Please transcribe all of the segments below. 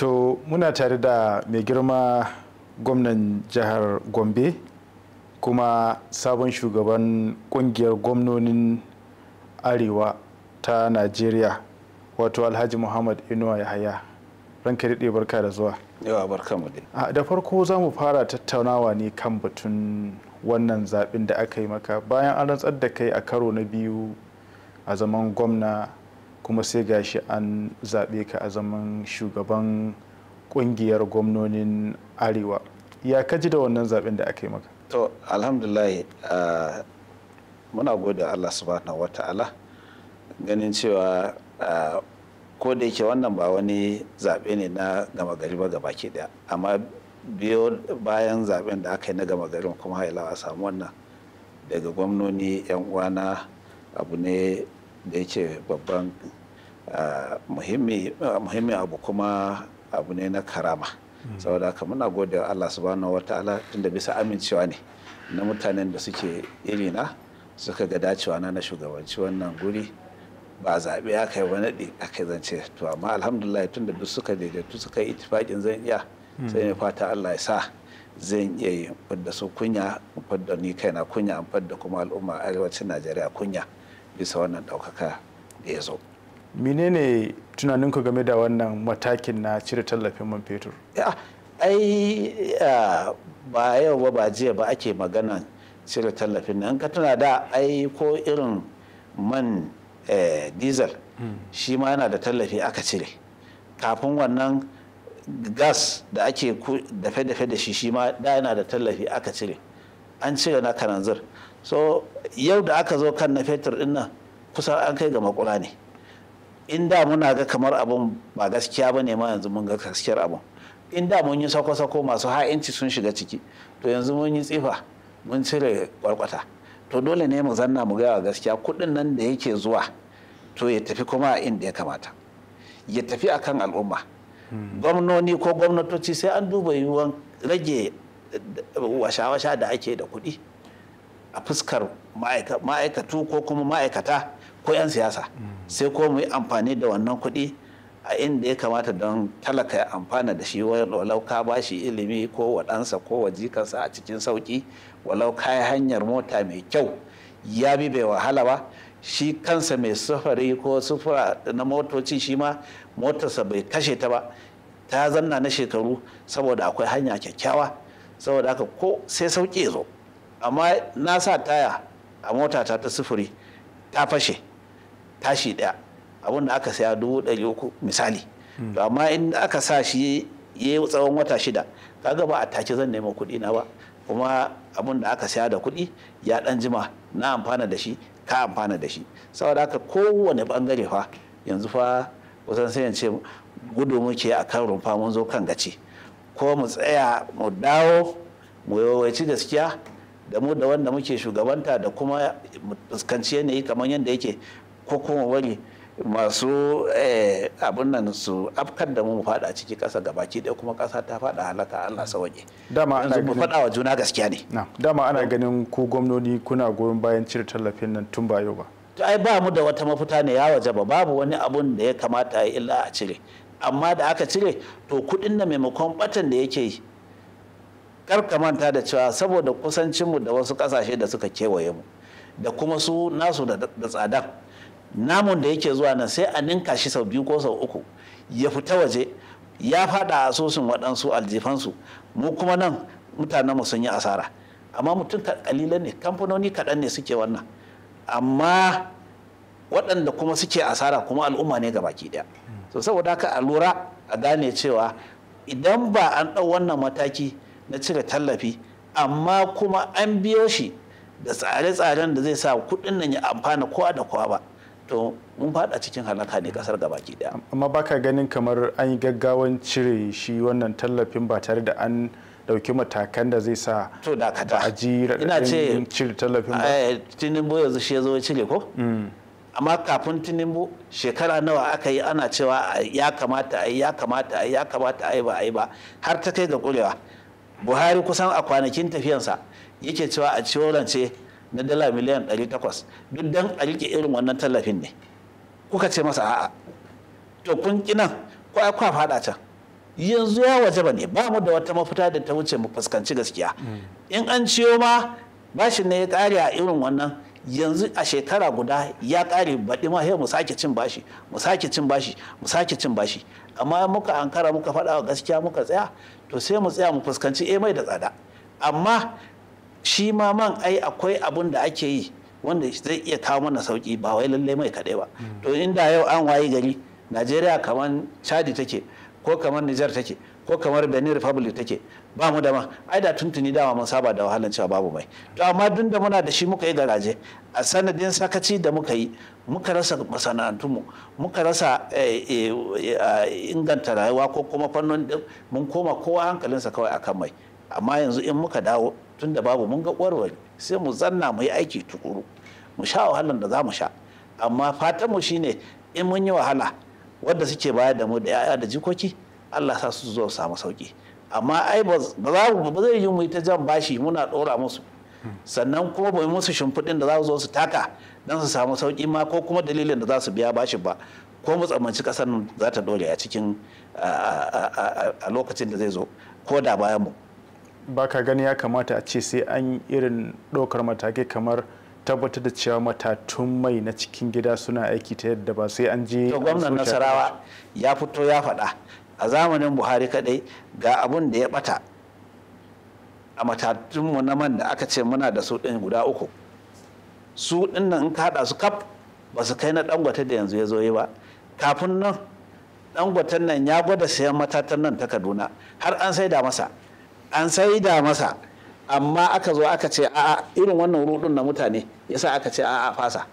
to muna tare da mai girma gwamnan jihar gombe kuma sabon shugaban kungiyar gwamnonin arewa ta najeriya wato alhaji muhammad inuwa yahaya ranka daɗe barka da zuwa yawa barka mu dai da farko za mu fara tattaunawa ne kan batun wannan zaɓin da aka yi maka bayan an rantsar da kai a karo na biyu a zaman gwamna kuma sai gashi an zaɓe ka a zaman shugaban ƙungiyar gwamnonin arewa ya kaji da wannan zaɓen da aka yi maka to alhamdulahi muna gode allah subhanahu ta'ala ganin cewa ko da yake wannan ba wani zaɓe ne na gama gari ba gaba ke daya amma biyo bayan zaɓen da aka yi na gama garin kuma hailawa samu wannan daga gwamnoni 'yan uwana abu ne da ya ce babban muhimmi abu kuma abu ne na karama hmm. saboda haka muna gode Allah subhanahu wataala tunda bisa amincewa ne na mutanen da suke irina suka ga dacewa na na shugabanci wannan guri ba zaɓe aka yi wani aka zance to amma alhamdulillah da duk suka daidaitu suka yi itifaƙin zan iya hmm. sai ya fata Allah ya sa zan iya yi fadda su kunya fadda ni kaina kunya fadda kuma al'umma arewacin Najeriya kunya. bisa wannan ɗaukaka da ya zo menene tunaninku game da wannan matakin na cire tallafin man fetur ai ba yau ba ba jiya ba ake magana cire tallafin nan ka tuna da ai ko irin man eh, diesel hmm. shi ma yana da tallafi aka cire kafin wannan gas da ake dafe-dafe da shi shi ma da yana da tallafi aka cire an cire na kananzir so yau da aka zo kan na fetur din nan kusan an kai ga makula ne in da muna ga kamar abun ba gaskiya ba ne ma yanzu mun ga gaskiyar abun in da mun yi sako-sako masu ha'inci sun shiga ciki to yanzu mun yi tsifa mun cire kwarkwata to dole ne mu zanna mu gaya gaskiya kuɗin nan da yake zuwa to ya tafi kuma inda ya kamata ya tafi akan al'umma hmm. gwamnoni ko gwamnatoci sai an duba yiwuwan rage eh, washa-washa da ake da kuɗi a fuskar ma'aikatu ko kuma ma'aikata ko 'yan siyasa sai ko mu yi amfani da wannan kuɗi a inda ya kamata don talaka ya amfana da shi walau ka ba shi ilimi ko waɗansa ko wajikansa a cikin sauƙi walau ka yi hanyar mota mai kyau ya bi bai wahala ba shi kansa mai sufari ko sufura na motoci shi ma motarsa bai kashe ta ba ta zanna na shekaru saboda akwai hanya kyakkyawa saboda haka ko sai sauƙi zo. amma na sa taya a mota ta ta sufuri ta fashe tashi daya abin da aka saya dubu ɗari uku misali hmm. to amma in aka sa shi ya yi tsawon wata shida kaga ba a take zan nemo kuɗi na ba kuma abin da aka saya da kuɗi ya ɗan jima na amfana da shi ka amfana da shi saboda haka kowane bangare fa yanzu fa kusan sai ce gudu muke a kan rumfa mun zo kan gaci ko mu tsaya mu dawo mu yawanci gaskiya da mu da wanda muke shugabanta da kuma fuskanci yanayi kamar yadda yake ko kuma wani masu eh, abin nan su afkan da mu fada ciki kasa gabaki ɗaya kuma kasa ta fada halaka Allah sawaje dama ana ganin fada wa juna gaskiya ne dama ana ganin ku gwamnoni kuna goyon bayan cire tallafin nan tun ba yau ba ai ba mu da wata mafita ne ya waje ba babu wani abun da ya kamata illa a cire amma da aka cire to kuɗin na maimakon batan da yake yi karka manta da cewa saboda kusancinmu da wasu ƙasashe da suka kewaye mu da kuma su nasu da tsadan namun da yake zuwa nan sai a ninka shi sau biyu ko sau uku ya fita waje ya fada asusun waɗansu aljifansu mu kuma nan mutanenmu sun yi asara amma mutum kalilan ne kamfanoni kaɗan ne suke wannan amma waɗanda kuma suke asara kuma al'umma ne ga baki ɗaya so saboda haka a lura a gane cewa idan ba an ɗau wannan mataki na cire tallafi amma kuma an biyo shi da tsare-tsaren da zai sa kuɗin nan ya amfana kowa da kowa ba to mun fada cikin halaka ne kasar ke daya amma baka ganin kamar an yi gaggawan cire shi wannan tallafin ba tare da an dauki matakan da zai sa to da kata ina ce cire tallafin ba eh, tinubu yanzu shi ya zo cire ko mm. amma kafin tinubu shekara nawa aka yi ana cewa ya kamata a yi ya kamata a yi ya kamata a yi ba a yi ba har ta kai ga kurewa buhari kusan a kwanakin tafiyansa yake cewa a ciwo rance na dala miliyan 800 duk dan a rike irin wannan tallafin ne kuka ce masa a'a to kun kina ko kwa fada can yanzu ya waje ba ne ba mu da wata mafita da ta wuce mu fuskanci gaskiya mm. in an ciyo ma bashin ne ya kare a irin wannan yanzu a shekara guda ya kare baɗi ma hei mu sake cin bashi mu sake cin bashi mu sake cin bashi amma muka ankara muka faɗa gaskiya muka tsaya to sai mu tsaya mu fuskanci eh mai da tsada amma shi ma man ai akwai abun da ake yi wanda zai iya kawo mana sauki ba wai lallai mai kaɗai ba mm. to inda yau an wayi gari najeriya kamar chadi take ko kamar nijar take ko kamar benin republic take ba mu da ai da tuntuni dama mun saba da wahalan cewa babu mai to amma duk da muna da shi muka yi garaje a sanadin sakaci da muka yi muka rasa masana'antunmu muka rasa eh, eh, inganta rayuwa ko kuma fannin mun koma kowa hankalinsa kawai akan mai amma yanzu in muka dawo tun da babu mun ga warware sai mu zanna mu yi aiki tukuru mu sha wahalan da za mu sha amma mu shine in mun yi wahala wadda suke bayar da mu da 'ya'ya da jikoki Allah sa su zo samu sauki amma ai ba za mu ba zai yi mu ta jan bashi muna ɗora musu sannan kuma bai musu shimfiɗin da za su zo su taka dan su samu sauki ma ko kuma dalilin da za su biya bashi ba ko mu tsammanci ƙasar za ta dole a cikin a lokacin da zai zo ko da bayan mu ba ka gani ya kamata a ce sai an irin ɗaukar matakai kamar tabbatar da cewa matatun mai na cikin gida suna aiki ta yadda ba sai an je gwamnan nasarawa ya fito ya faɗa a zamanin buhari kadai ga abun da ya bata a matatunmu na man da aka ce muna da su ɗin guda uku su ɗinnan in ka haɗa su kaf ba su kai na dangote da yanzu ya zo yi ba kafin nan dangoten nan ya gwada sayan matatan nan ta kaduna har an saida masa an saida masa amma aka zo aka ce a'a irin wannan rudun na mutane yasa aka ce a'a fasa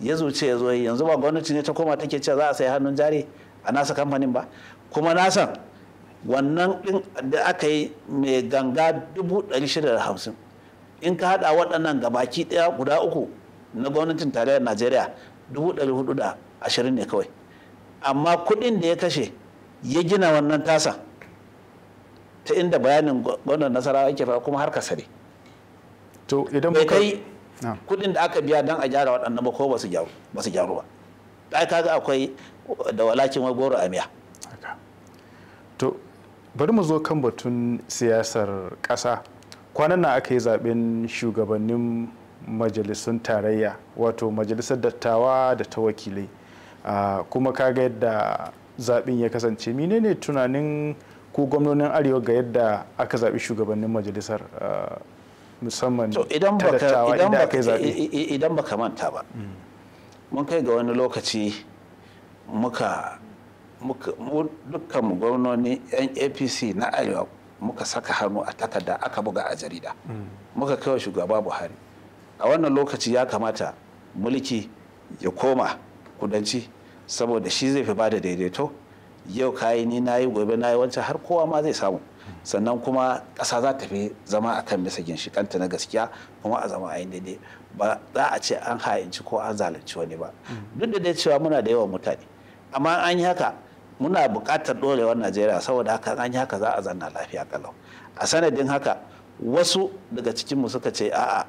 ya zuce ya zo yanzu ba gwamnati ne ta koma take cewa za a sai hannun jari a nasa kamfanin ba kuma na san wannan ɗin da aka yi mai ganga 650 in ka haɗa waɗannan gabaki ɗaya guda uku na gwamnatin tarayyar najeriya 420 ne kawai amma kuɗin da ya kashe ya gina wannan tasa ta inda bayanin gwamnan nasarawa yake fara kuma har ka sare. to idan bai kai kuɗin da aka biya don a gyara waɗannan ba ko ba su gyaru ba ai kaga akwai da walakin wai goro a miya to bari mu zo kan batun siyasar kasa kwanan na aka yi zaben shugabannin majalisun tarayya wato majalisar dattawa da ta wakilai kuma kaga yadda zaben ya kasance menene tunanin ko gwamnonin arewa ga yadda aka zaɓi shugabannin majalisar musamman ta dattawa idan aka yi zaɓe idan baka manta ba mm. mun kai ga wani lokaci muka dukkanmu gwamnoni yan apc na arewa muka saka hannu a takarda aka buga a jarida mm. muka kai wa shugaba buhari a wannan lokaci ya kamata mulki ya koma kudanci saboda shi zai fi ba da daidaito yau kayi ni na yi gobe na yi wancan har kowa ma zai samu sannan kuma ƙasa za ta fi zama a kan bisa ginshikanta na gaskiya kuma a zama ayin daidai ba za a ce an ha'inci ko an zalunci wani ba mm. duk da dai cewa muna da yawan mutane amma an yi haka muna buƙatar ɗorewar najeriya saboda haka an yi haka za a zanna lafiya kalau a sanadin haka wasu daga cikinmu suka ce a'a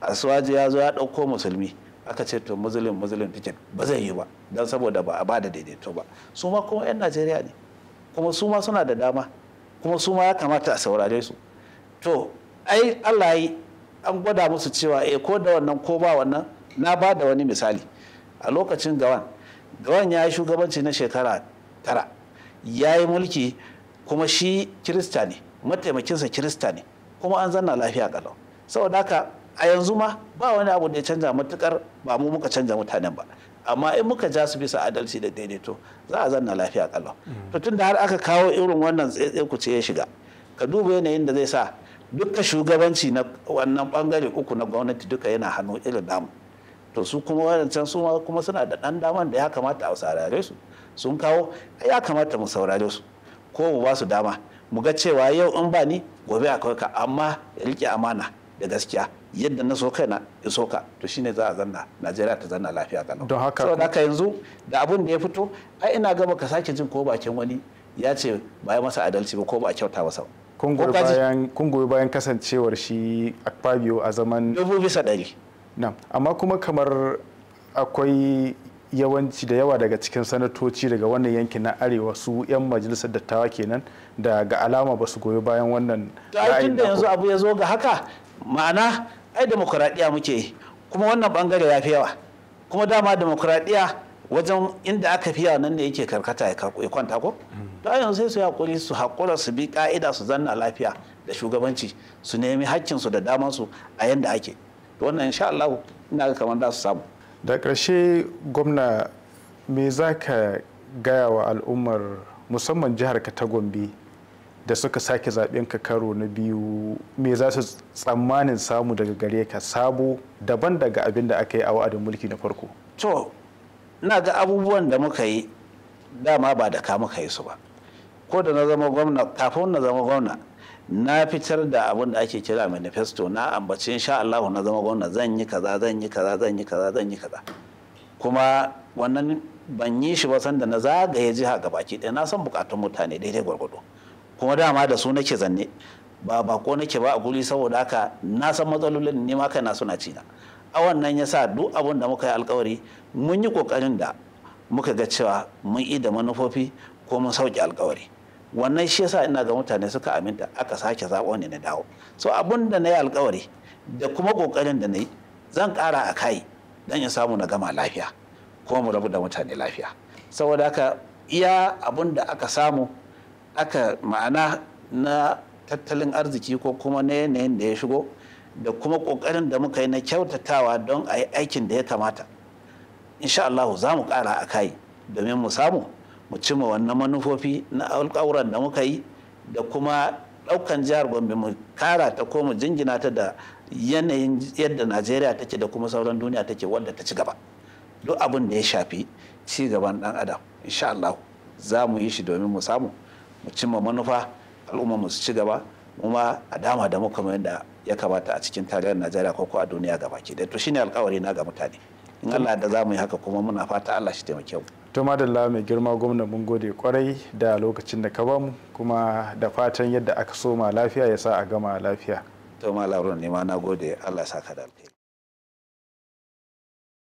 aswaji ya zo ya ɗauko musulmi aka ce to muslim muslim ticket ba zai yi ba don saboda ba a ba da daidaito ba su ma kuma 'yan najeriya ne kuma su ma suna da dama kuma su ma ya kamata a saurare su to ai allah yi an gwada musu cewa eh ko da wannan ko ba wannan na ba da wani misali a lokacin gawan gawan ya yi shugabanci na shekara tara ya yi mulki kuma shi kirista ne mataimakinsa kirista ne kuma an zanna lafiya kalau saboda haka a yanzu ma ba wani abu da ya canza matukar ba mu muka canza mutanen ba amma in muka ja su bisa adalci da daidaito za a zanna lafiya kalau mm. to tunda har aka kawo irin wannan tsaye ku ce ya shiga ka duba yanayin da zai sa dukkan shugabanci na wannan bangare uku na gwamnati duka yana hannu irin namu to su kuma wadancan su kuma suna da dan daman da ya kamata a sarare su sun kawo ya kamata mu saurare su ko mu ba su dama mu ga cewa yau in ba ni gobe akwai ka amma rike amana da gaskiya yadda na so kaina in so to shine za a zanna Najeriya ta zanna lafiya kalau don haka so haka yanzu da abun da ya fito ai ina ga baka sake jin ko bakin wani ya ce ba ya masa adalci ba ko ba a kyauta masa kun goyi bayan kasancewar shi Fabio a zaman dubu bisa ɗari amma kuma kamar akwai yawanci da yawa daga cikin sanatoci daga wannan yankin na arewa su 'yan majalisar dattawa kenan da ga alama ba su goyi bayan wannan ra'ayin da yanzu abu ya zo ga haka ma'ana ai demokuraɗiyya muke yi kuma wannan bangare ya fi yawa kuma dama demokuraɗiyya wajen inda aka fi yawa nan ne yake karkata ya kwanta ko hmm. to ai yanzu sai su hakuri su hakura su bi ka'ida su zanna lafiya da shugabanci su nemi haƙƙinsu da damansu a yanda ake to wannan insha Allah ina ga kamar za su samu da ƙarshe gwamna me za ka gaya wa al'ummar musamman jihar ka ta gombe da suka sake zaɓen ka karo na biyu me za su tsammanin samu daga gare ka sabo daban daga abin da aka yi a wa'adin mulki na farko to na ga abubuwan da muka yi dama ba da ka muka yi su ba ko da na zama gwamna kafin na zama gwamna na fitar da abin da ake kira manifesto na ambaci insha Allah na zama gwamna zan yi kaza zan yi kaza zan yi kaza zan yi kaza kuma wannan ban yi shi ba sanda na zagaye jiha ga baki ɗaya na san bukatun mutane daidai gwargwado kuma dama da su nake zanne ba bako nake ba a guri saboda haka na san matsalolin ne ma na suna cina a wannan ya sa duk abin da muka yi alkawari mun yi kokarin da muka ga cewa mun yi da manufofi ko mun sauke alkawari wannan shi yasa ina ga mutane suka aminta aka sake zaɓo ne na dawo so abun da na yi alkawari da kuma ƙoƙarin da na yi zan ƙara a kai don in samu na gama lafiya kuma mu rabu da mutane lafiya saboda haka iya abun da aka samu aka ma'ana na tattalin arziki ko kuma na yanayin da ya shigo da kuma ƙoƙarin da muka yi na kyautatawa don a yi aikin da ya kamata insha Allah za mu ƙara a kai domin mu samu mu cima wannan manufofi na alƙawuran da muka yi da kuma ɗaukan jihar gombe mu kara ta ko mu jingina ta da yanayin yadda najeriya take da kuma sauran duniya take wadda ta ci gaba duk abin da ya shafi ci gaban ɗan adam insha Allah za mu yi shi domin mu samu mu cimma manufa al'umma mu ci gaba kuma a dama da mu mai yadda ya kamata a cikin tarihin najeriya ko a duniya gabaki da to shine alkawari na ga mutane in Allah da za mu yi haka kuma muna fata Allah shi taimake mu to madalla mai girma gwamna mun gode kwarai da lokacin da ka bamu kuma da fatan yadda aka soma lafiya ya sa a gama lafiya to ma ne ma na gode allah saka da alheri